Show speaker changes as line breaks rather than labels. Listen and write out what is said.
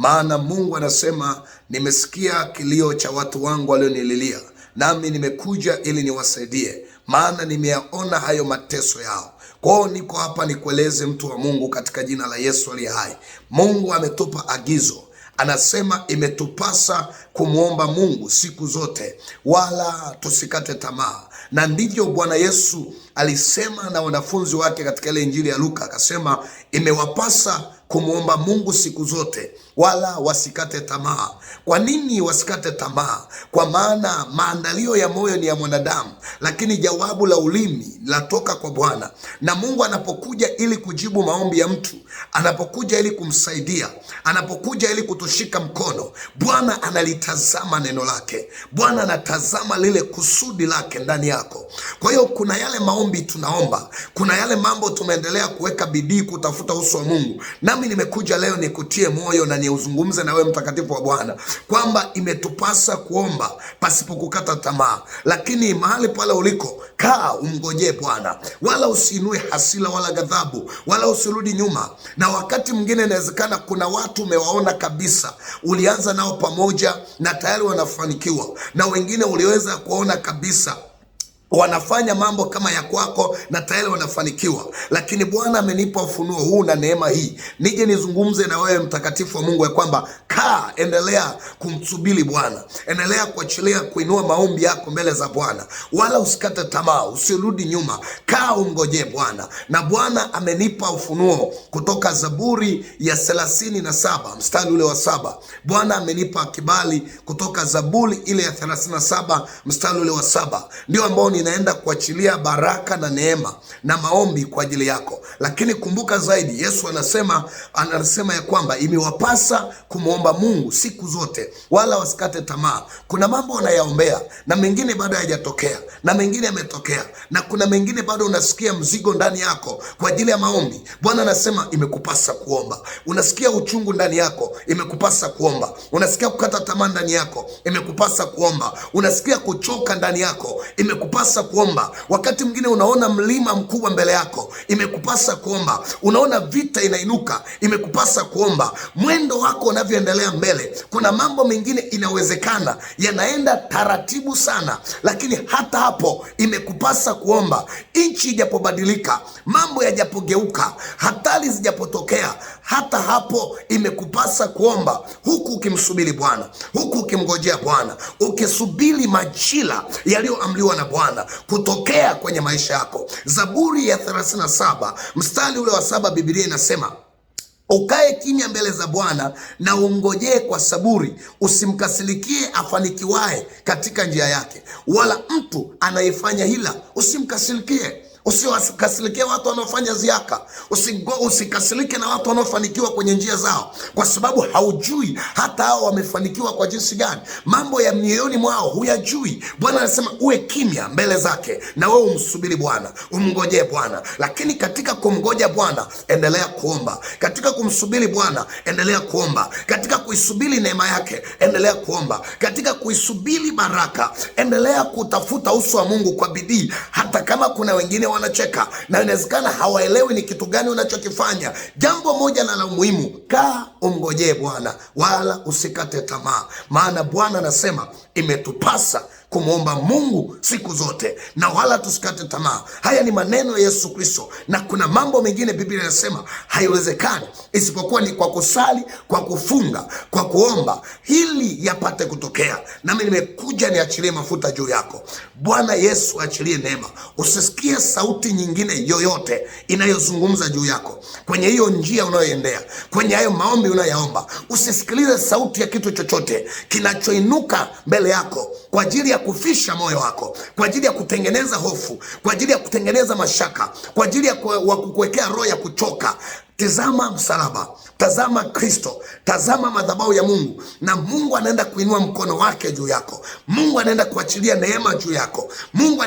maana Mungu anasema, nimesikia kilio cha watu wangu walionililia, nami nimekuja ili niwasaidie, maana nimeyaona hayo mateso yao. Kwao niko hapa nikueleze, mtu wa Mungu, katika jina la Yesu aliye hai, Mungu ametupa agizo anasema imetupasa kumwomba Mungu siku zote, wala tusikate tamaa. Na ndivyo Bwana Yesu alisema na wanafunzi wake katika ile Injili ya Luka, akasema imewapasa kumwomba Mungu siku zote, wala wasikate tamaa. Kwa nini wasikate tamaa? Kwa maana maandalio ya moyo ni ya mwanadamu, lakini jawabu la ulimi latoka kwa Bwana. Na Mungu anapokuja ili kujibu maombi ya mtu, anapokuja ili kumsaidia, anapokuja ili kutushika mkono, Bwana analitazama neno lake. Bwana anatazama lile kusudi lake ndani yako. Kwa hiyo kuna yale maombi tunaomba, kuna yale mambo tumeendelea kuweka bidii kutafuta uso wa Mungu. Nami nimekuja leo nikutie moyo na niuzungumze na wewe mtakatifu wa Bwana kwamba imetupasa kuomba pasipo kukata tamaa, lakini mahali pale uliko kaa umngojee Bwana, wala usiinue hasila wala ghadhabu, wala usirudi nyuma. Na wakati mwingine inawezekana kuna watu umewaona kabisa, ulianza nao pamoja na tayari wanafanikiwa, na wengine uliweza kuona kabisa wanafanya mambo kama ya kwako na tayari wanafanikiwa, lakini Bwana amenipa ufunuo huu na neema hii nije nizungumze na wewe mtakatifu wa Mungu ya kwamba kaa, endelea kumsubiri Bwana, endelea kuachilia kuinua maombi yako mbele za Bwana, wala usikate tamaa, usirudi nyuma, kaa umngojee Bwana. Na Bwana amenipa ufunuo kutoka Zaburi ya thelathini na saba mstari ule wa saba. Bwana amenipa kibali kutoka Zaburi ile ya thelathini na saba mstari ule wa saba, ndio ambao ni ninaenda kuachilia baraka na neema na maombi kwa ajili yako. Lakini kumbuka zaidi, Yesu anasema anasema ya kwamba imewapasa kumwomba Mungu siku zote, wala wasikate tamaa. Kuna mambo unayaombea na mengine bado hayajatokea, na mengine yametokea, na kuna mengine bado unasikia mzigo ndani yako kwa ajili ya maombi. Bwana anasema imekupasa kuomba. Unasikia uchungu ndani yako, imekupasa kuomba. Unasikia kukata tamaa ndani yako, imekupasa kuomba. Unasikia kuchoka ndani yako, imekupasa imekupasa kuomba. Wakati mwingine unaona mlima mkubwa mbele yako, imekupasa kuomba. Unaona vita inainuka, imekupasa kuomba. Mwendo wako unavyoendelea mbele, kuna mambo mengine inawezekana yanaenda taratibu sana, lakini hata hapo imekupasa kuomba. Nchi ijapobadilika, mambo yajapogeuka, hatari zijapotokea, hata hapo imekupasa kuomba, huku ukimsubiri Bwana, huku ukimngojea Bwana, ukisubiri majira yaliyoamliwa na Bwana. Bwana kutokea kwenye maisha yako. Zaburi ya 37 mstari ule wa saba, Biblia inasema Ukae kimya mbele za Bwana na ungojee kwa saburi, usimkasirikie afanikiwaye katika njia yake, wala mtu anayefanya hila usimkasirikie. Usiwakasirikia watu wanaofanya ziaka. Usikasirike na watu wanaofanikiwa kwenye njia zao, kwa sababu haujui hata hao wamefanikiwa kwa jinsi gani. Mambo ya mioyoni mwao huyajui. Bwana anasema uwe kimya mbele zake, na wewe umsubiri Bwana, umngojee Bwana. Lakini katika kumgoja Bwana endelea kuomba, katika kumsubiri Bwana endelea kuomba, katika kuisubiri neema yake endelea kuomba, katika kuisubiri baraka endelea kutafuta uso wa Mungu kwa bidii, hata kama kuna wengine wanacheka, na inawezekana hawaelewi ni kitu gani unachokifanya. Jambo moja na la muhimu, kaa umngojee Bwana, wala usikate tamaa, maana Bwana anasema imetupasa kumwomba Mungu siku zote na wala tusikate tamaa. Haya ni maneno ya Yesu Kristo, na kuna mambo mengine Biblia inasema haiwezekani isipokuwa ni kwa kusali, kwa kufunga, kwa kuomba hili yapate kutokea. Nami nimekuja niachilie mafuta juu yako. Bwana Yesu achilie neema. Usisikie sauti nyingine yoyote inayozungumza juu yako kwenye hiyo njia unayoendea, kwenye hayo maombi unayoyaomba. Usisikilize sauti ya kitu chochote kinachoinuka mbele yako kwa ajili ya kufisha moyo wako, kwa ajili ya kutengeneza hofu, kwa ajili ya kutengeneza mashaka, kwa ajili ya kukuwekea roho ya kuchoka. Tazama msalaba, tazama Kristo, tazama madhabahu ya Mungu, na Mungu anaenda kuinua mkono wake juu yako. Mungu anaenda kuachilia neema juu yako. Mungu